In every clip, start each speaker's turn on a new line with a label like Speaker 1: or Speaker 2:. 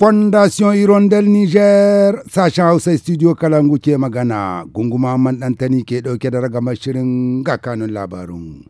Speaker 1: fondation irondel niger sashen hausa studio kalangu ke magana gunguma tani ke dauke da ragamar shirin ga kanun labarun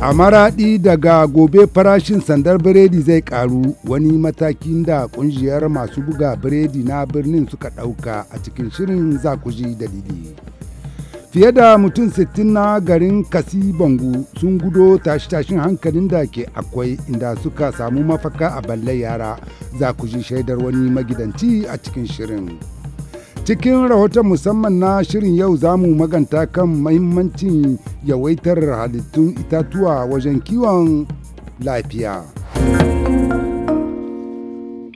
Speaker 1: a maraɗi daga gobe farashin sandar biredi zai karu wani matakin da kungiyar masu buga biredi na birnin suka ɗauka a cikin shirin ji dalili. fiye da mutum 60 na garin kasi bangu sun gudo tashi-tashin hankalin da ke akwai inda suka samu mafaka a balle yara za ku ji shaidar wani magidanci a cikin shirin cikin rahoton musamman na shirin yau za mu maganta kan mahimmancin yawaitar halittun itatuwa wajen kiwon lafiya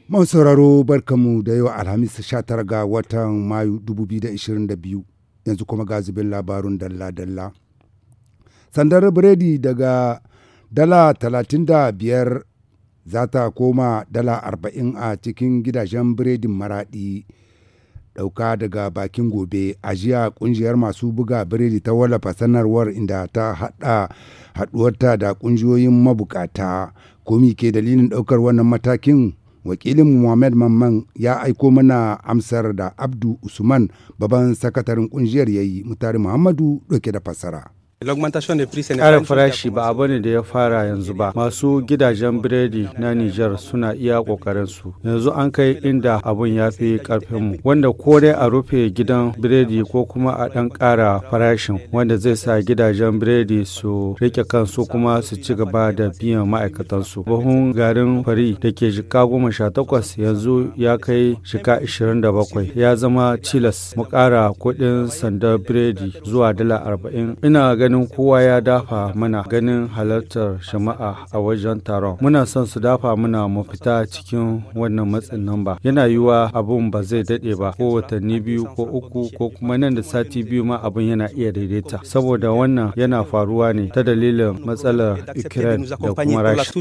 Speaker 1: masu sauraro barkamu da yau alhamis 19 ga watan mayu 2022 yanzu kuma ga zubin labarun dalla-dalla. Sandar biredi daga dala talatin da biyar za ta koma dala arba'in a cikin gidajen biredin maraɗi. Ɗauka daga bakin gobe a jiya ƙungiyar masu buga biredi ta wallafa sanarwar inda ta haɗa haɗuwarta da ƙungiyoyin mabukata. Komi ke dalilin ɗaukar wannan matakin wakilin muhammad mamman ya aiko mana amsar da abdu usman baban sakataren kungiyar yayi mutari muhammadu ɗauke da fassara
Speaker 2: Ƙarin farashi ba abu ne da ya fara yanzu ba. Masu gidajen biredi na Nijar suna iya ƙoƙarinsu Yanzu an kai inda abun ya fi ƙarfinmu. Wanda ko dai a rufe gidan biredi ko kuma a ɗan ƙara farashin wanda zai sa gidajen biredi su rike kansu kuma su ci gaba da biyan ma'aikatansu. Buhun garin fari da ke jika goma sha takwas yanzu ya kai shika ishirin da bakwai. Ya zama cilas mu ƙara kuɗin sandar biredi zuwa dala arba'in. Ina ga ganin kowa ya dafa mana ganin halartar shama'a a wajen taron. Muna son su dafa mana mafita cikin wannan matsin nan ba. Yana yiwuwa abun ba zai dade ba ko watanni biyu ko uku ko kuma nan da sati biyu ma abun yana iya daidaita. Saboda wannan yana faruwa ne ta dalilin matsalar Ukraine da kuma rashi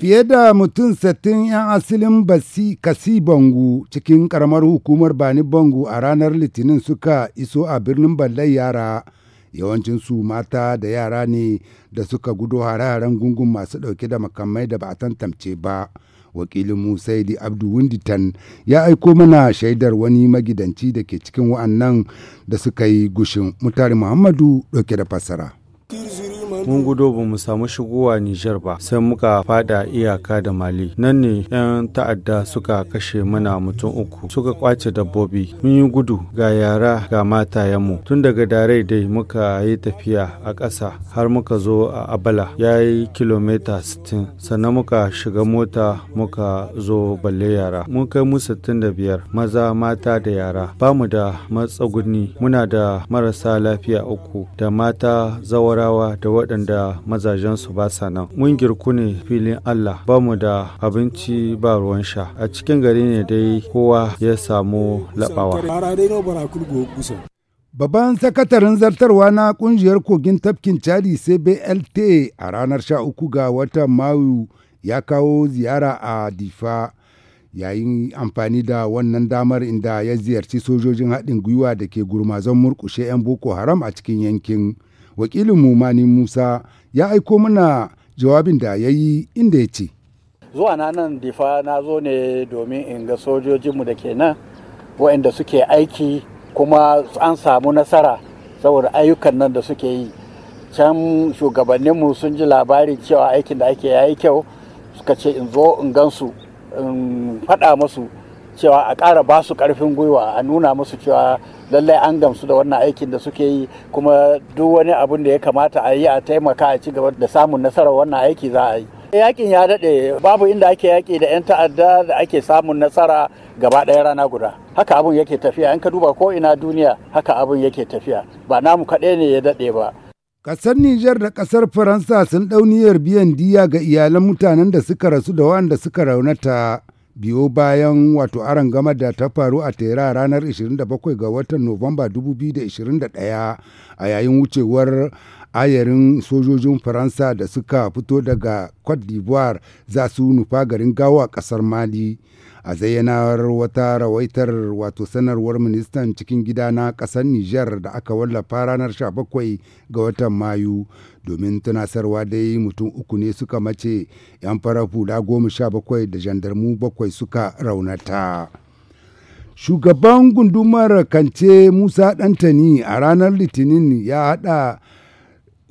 Speaker 1: Fiye da mutum sattin 'yan asalin basi kasi bangu cikin karamar hukumar Bani bangu a ranar Litinin suka iso a birnin Ballai yara. yawancin su mata da yara ne da suka gudo hare-haren gungun masu dauke da makamai da ba a tantance ba. wakilin musaidi abdu winditan ya aiko mana shaidar wani magidanci da ke cikin wa'annan da suka yi gushin mutare muhammadu dauke da fassara
Speaker 2: mun gudo ba mu samu shigowa Nijar ba sai muka fada iyaka da Mali. Nan ne 'yan ta'adda suka kashe mana mutum uku suka kwace dabbobi. Mun yi gudu ga yara ga matayenmu tun daga dare dai muka yi tafiya a ƙasa har muka zo a Abala yayi yi kilomita 60 sannan muka shiga mota muka zo balle yara. Mun kai mu 65 maza mata da yara ba mu da matsaguni muna da marasa lafiya uku da mata zawarawa da waɗanda waɗanda mazajensu ba sa nan. Mun girku ne filin Allah, ba mu da abinci ba ruwan sha. A cikin gari ne dai kowa ya samu laɓawa.
Speaker 1: Babban sakataren zartarwa na kungiyar kogin tafkin Chadi CBLT a ranar sha uku ga watan Mayu ya kawo ziyara a Difa yayin amfani da wannan damar inda ya ziyarci sojojin haɗin gwiwa da ke gurmazon murƙushe 'yan Boko Haram a cikin yankin. wakilinmu mani musa ya aiko mana jawabin da ya yi inda ya ce
Speaker 3: zuwa na nan difa na zo ne domin in ga sojojinmu da ke nan waɗanda suke aiki kuma an samu nasara saboda ayyukan nan da suke yi can shugabanninmu sun ji labarin cewa aikin da ake yayi kyau suka ce in zo in gansu in faɗa masu cewa a ƙara ba su ƙarfin gwiwa a nuna musu cewa lallai an gamsu da wannan aikin da suke yi kuma duk wani abin da ya kamata a yi a taimaka a ci gaba da samun nasarar wannan aiki za a yi yakin ya daɗe babu inda ake yaƙi da 'yan ta'adda da ake samun nasara gaba ɗaya rana guda haka abin yake tafiya in ka duba ko ina duniya haka abin yake tafiya ba namu kaɗai ne ya daɗe ba
Speaker 1: Ƙasar Nijar da ƙasar Faransa sun ɗauniyar biyan diya ga iyalan mutanen da suka rasu da waɗanda suka raunata. biyo bayan wato aron gama da ta faru a tera ranar 27 ga watan nuwamba 2021 a yayin wucewar ayarin sojojin faransa da suka fito daga cote d'ivoire za su nufa garin gawa kasar mali a zayyanawar wata rawaitar wato sanarwar ministan cikin gida na ƙasar Nijar da aka wallafa ranar 17 ga watan Mayu domin tunasarwa dai mutum uku ne suka mace 'yan fara hula goma sha bakwai da jandarmu bakwai suka raunata. Shugaban gundumar Kance Musa Dantani a ranar Litinin ya haɗa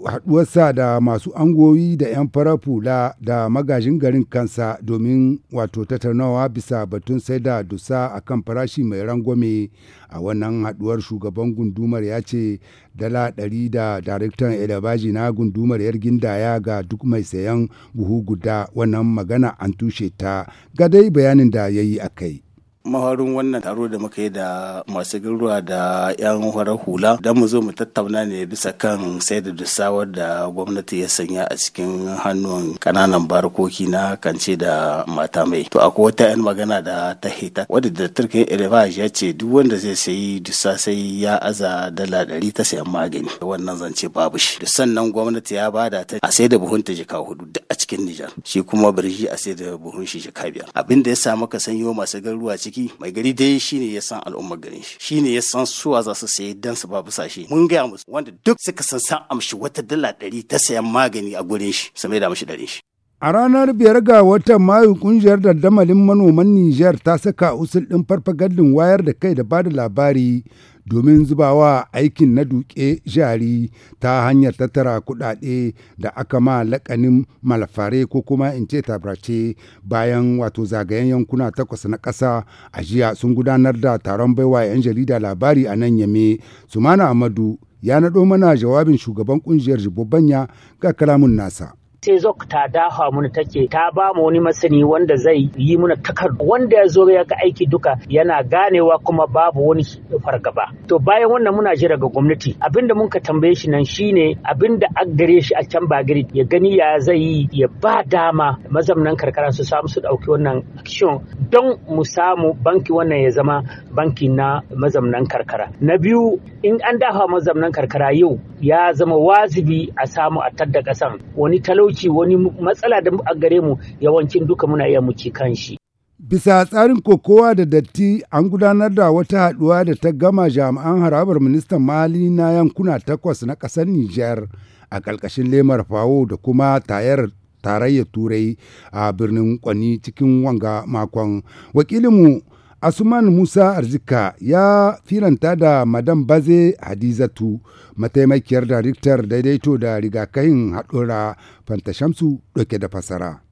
Speaker 1: haɗuwarsa da masu angoyi da 'yan farar hula da magajin garin kansa domin wato tattaunawa bisa batun sai da dusa a kan farashi mai rangwame a wannan haɗuwar shugaban gundumar ya ce dala ɗari da daraktan elebaji na gundumar yar gindaya ga duk mai sayan buhu guda wannan magana an tushe ta ga dai bayanin da ya yi a kai.
Speaker 3: maharin wannan taro da muka yi da masu garuruwa da 'yan horar hula don mu zo mu tattauna ne bisa kan sai da dusawar da gwamnati ya sanya a cikin hannun kananan barkoki na kance da mata mai to akwai wata 'yan magana da ta hita wadda da turkin elevage ya ce duk wanda zai sayi dusa sai ya aza dala ɗari ta sayan magani wannan zance babu shi dusan sannan gwamnati ya bada ta a sai da buhun ta jika hudu duk a cikin nijar shi kuma birji a sai da buhun shi jika biyar abin da ya sa maka sanyo masu garuruwa ciki ciki mai gari dai shine ya san al'ummar garin shi shi ne ya san suwa za su sayi dan su babu sashi mun gaya musu wanda duk suka san san amshi wata dala ɗari ta sayan magani a gurin shi su mai da amshi ɗarin shi
Speaker 1: A ranar biyar ga watan Mayu kungiyar dandamalin manoman Nijar ta saka usul ɗin farfagallin wayar da kai da ba da labari domin zubawa aikin na duke jari ta hanyar tattara kuɗaɗe da aka ma laƙanin malafare ko kuma in ce tabrace bayan wato zagayen yankuna takwas na ƙasa a jiya sun gudanar da taron baiwa 'yan jarida labari a nan yame mana amadu ya naɗo mana jawabin shugaban kungiyar jibobanya ga kalamun nasa.
Speaker 3: sai zok ta dafa muna take ta ba mu wani masani wanda zai yi muna takardu wanda ya zo ya ga aiki duka yana ganewa kuma babu wani fargaba to bayan wannan muna jira ga gwamnati abinda mun ka tambaye shi nan shine abinda an gare shi a can bagiri ya gani ya zai yi ya ba dama mazamnan karkara su samu su dauki wannan action don mu samu banki wannan ya zama banki na mazamnan karkara na biyu in an dafa mazamnan karkara yau ya zama wazibi a samu a tadda kasan wani talo ɗauki wani matsala da a gare mu yawancin duka muna iya muke kan shi. Bisa tsarin
Speaker 1: kokowa da datti an gudanar da wata haɗuwa da ta gama jami'an harabar ministan mali na yankuna takwas na ƙasar Nijar a ƙarƙashin lemar fawo da kuma tayar tarayyar turai a birnin kwani cikin wanga makon wakilinmu asuman musa arzika ya firanta da madam baze hadizatu mataimakiyar daidaito da rigakafin haɗura fanta shamsu ɗauke da fasara.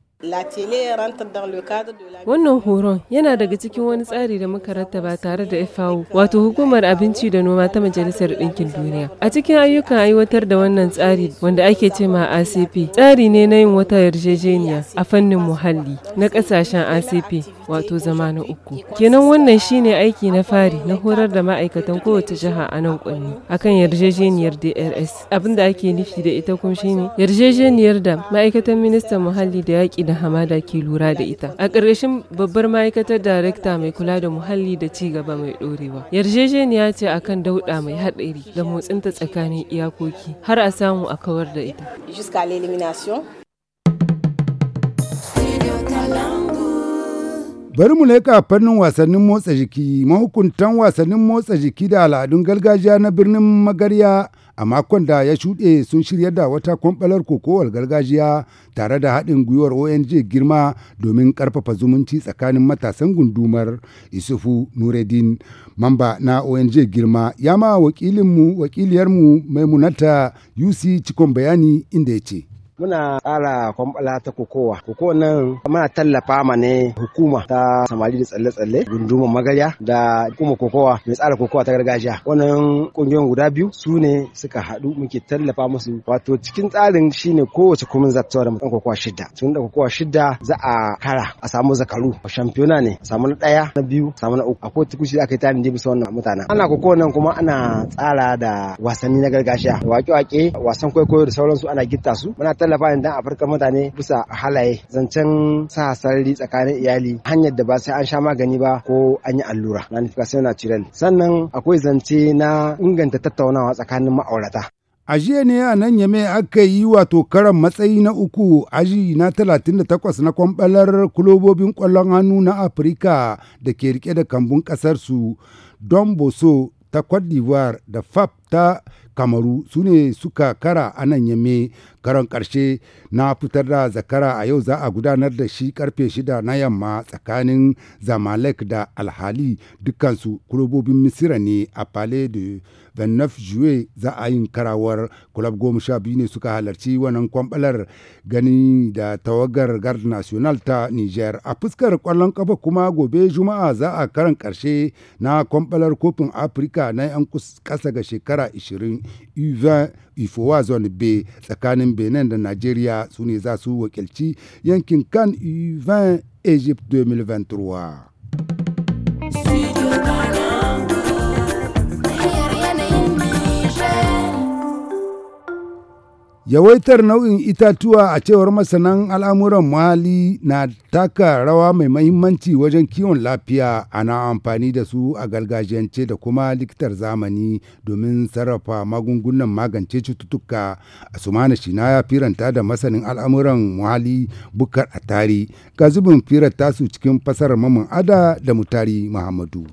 Speaker 3: Wannan horon yana daga cikin wani tsari da muka rattaba tare da FAO wato hukumar abinci da noma ta Majalisar Ɗinkin Duniya. A cikin ayyukan aiwatar da wannan tsari wanda ake ce ma ACP, tsari ne na yin wata yarjejeniya a fannin muhalli na ƙasashen ACP wato zama na uku. Kenan wannan shine aiki na fari na horar da ma'aikatan kowace jiha a nan kwanni akan yarjejeniyar DRS. Abin da ake nufi da ita kuma shine yarjejeniyar da ma'aikatan ministan muhalli da yaƙi da hamada ke lura da ita. A ƙarshen babbar ma'aikatar darakta mai kula da muhalli da ci gaba mai ɗorewa. Yarjejeniya ce akan dauɗa mai haɗari da motsinta tsakanin iyakoki har a samu a kawar da ita.
Speaker 1: Bari mu laika fannin wasannin motsa jiki, mahukuntan wasannin motsa jiki da al'adun gargajiya na birnin Magarya a makon da ya shuɗe sun shirya da wata kwamɓalar kokowar gargajiya tare da haɗin gwiwar ONG girma domin ƙarfafa zumunci tsakanin matasan gundumar Isufu Nureddin, mamba na ONG girma ya ma wakilinmu wakiliyarmu maimunata UC cikon bayani inda ya ce.
Speaker 3: muna ƙara kwamɓala ta kokowa kokowa nan muna tallafa ma ne hukuma ta samari da tsalle-tsalle gunduma magarya da hukuma kokowa mai tsara kokowa ta gargajiya wannan ƙungiyoyin guda biyu su ne suka haɗu muke tallafa musu wato cikin tsarin shine kowace kumin zattuwa da mutan kokowa shida tun da kokowa shida za a kara a samu zakaru a shampiyona ne a samu na ɗaya na biyu a samu na uku akwai tukushi da aka yi tarin bisa wannan mutanen ana kokowa nan kuma ana tsara da wasanni na gargajiya wake-wake wasan kwaikwayo da sauransu ana gitta su muna tallafa ne dan a mutane bisa halaye zancen sa sarari tsakanin iyali hanyar da ba sai an sha magani ba ko an yi allura nanification natural sannan akwai zance na inganta
Speaker 1: tattaunawa tsakanin ma'aurata A jiya ne a nan yame aka yi wato karan matsayi na uku aji na takwas na kwambalar kulobobin kwallon hannu na Afirka da ke rike da kambun ƙasarsu don boso ta Cote da FAP ta kamaru su ne suka kara a nan karon karshe na fitar da zakara a yau za a gudanar da shi karfe shida na yamma tsakanin zamalek da alhali dukansu kurobobin misira ne a palais de 29 juye za a yin karawar kulab goma sha biyu ne suka halarci wannan kwambalar gani da tawagar gard national ta niger a fuskar kwallon kafa kuma gobe juma'a za a karan karshe na kwambalar kofin afirka na 'yan kasa ga shekara 20 U20 UFOA Zone B tsakanin Benin da Nigeria su ne za su wakilci yankin kan U20 Egypt 2023. Yawaitar nau'in itatuwa a cewar masanan al'amuran muhalli na taka rawa mai mahimmanci wajen kiwon lafiya ana amfani da su a gargajiyance da kuma likitar zamani domin sarrafa magungunan magance cututtuka. Asumana na ya firanta da masanin al'amuran muhalli Bukar Atari, ga zubin firar tasu cikin fasarar Maman Ada da Mutari Muhammadu.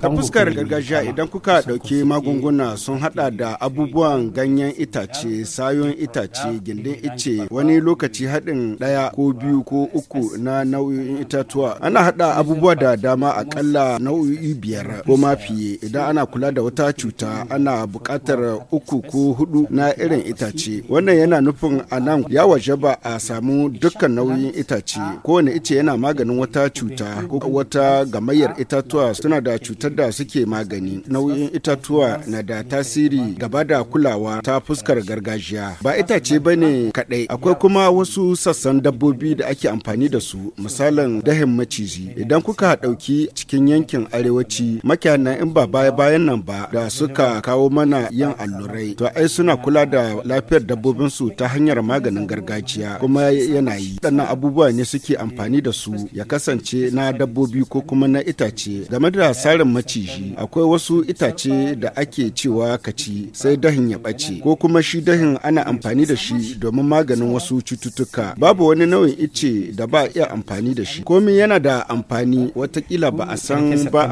Speaker 3: ta fuskar gargajiya idan kuka ɗauki magunguna sun hada da abubuwan ganyen itace sayon itace gindin ice wani lokaci haɗin ɗaya ko biyu ko uku na nau'in itatuwa ana hada abubuwa da dama akalla nau'i biyar ko ma fiye idan ana kula da wata cuta ana bukatar uku ko hudu na irin itace wannan yana nufin anan ya waje ba a samu dukkan nau'in itace kowane ice yana maganin wata cuta ko wata gamayyar itatuwa suna da cutar da suke magani. Nau'in itatuwa na da tasiri gaba da kulawa ta fuskar gargajiya. Ba itace ba ne kadai. akwai kuma wasu sassan dabbobi da ake amfani da su, misalin dahin maciji. Idan kuka ɗauki cikin yankin arewaci, makiyana in ba baya bayan nan ba da suka kawo mana yin allurai, to ai suna kula da lafiyar dabbobin su ta hanyar maganin gargajiya kuma yana yi. abubuwa ne suke amfani da su ya kasance na dabbobi dabbobi ko kuma na itace game da tsarin maciji akwai wasu itace da ake cewa kaci sai dahin ya bace ko kuma shi dahin ana amfani da shi domin maganin wasu cututtuka babu wani nau'in ice da ba iya amfani da shi komi yana da amfani watakila ba a san ba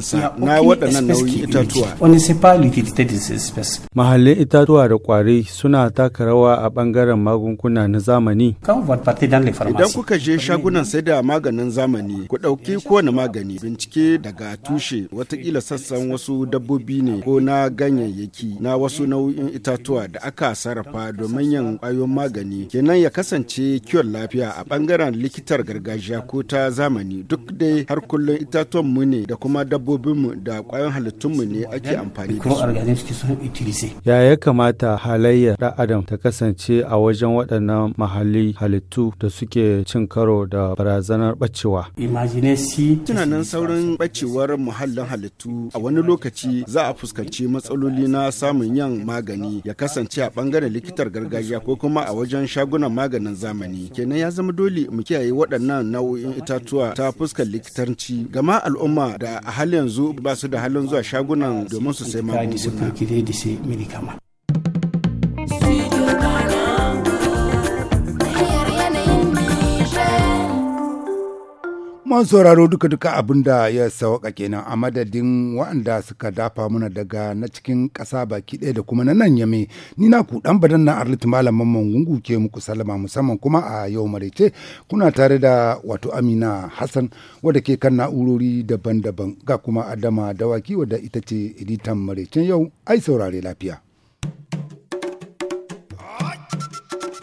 Speaker 3: sa na waɗannan nau'in itatuwa
Speaker 2: mahallin itatuwa da kwari suna taka rawa a ɓangaren magunguna na zamani idan kuka je shagunan sai
Speaker 3: da maganin zamani ku ɗauki kowane magani bincike daga tushe watakila sassan wasu dabbobi ne ko na ganyayyaki na wasu nau'in itatuwa da aka sarrafa domin yin kwayoyin magani kenan ya kasance kiwon lafiya a bangaren likitar gargajiya ko ta zamani duk dai har kullum itatuwan mu ne da kuma dabbobin mu da halittun mu ne ake amfani da su.
Speaker 2: Ya ya kamata halayyar da adam ta kasance a wajen waɗannan mahalli halittu da suke cin karo da barazanar bacewa ɓacewa.
Speaker 3: tunanin saurin ɓacewar muhallin halittu a wani lokaci za a fuskanci matsaloli na samun yan magani ya kasance a bangaren likitar gargajiya ko kuma a wajen shagunan maganin zamani kenan ya zama dole mu kiyaye waɗannan nau'in itatuwa ta fuskar likitanci gama al'umma da a hali yanzu ba su da halin zuwa shagunan domin su sai magunguna
Speaker 1: an sauraro duka-duka abin da ya sauka kenan a madadin waɗanda suka dafa muna daga na cikin ƙasa baki ɗaya da kuma na nan yame ni na ku ɗan badan na arlit malaman mangungu ke muku salama musamman kuma a yau maraice kuna tare da wato amina hassan wadda ke kan na'urori daban-daban ga kuma adama dawaki wadda ita ce editan maraicen yau ai saurare lafiya.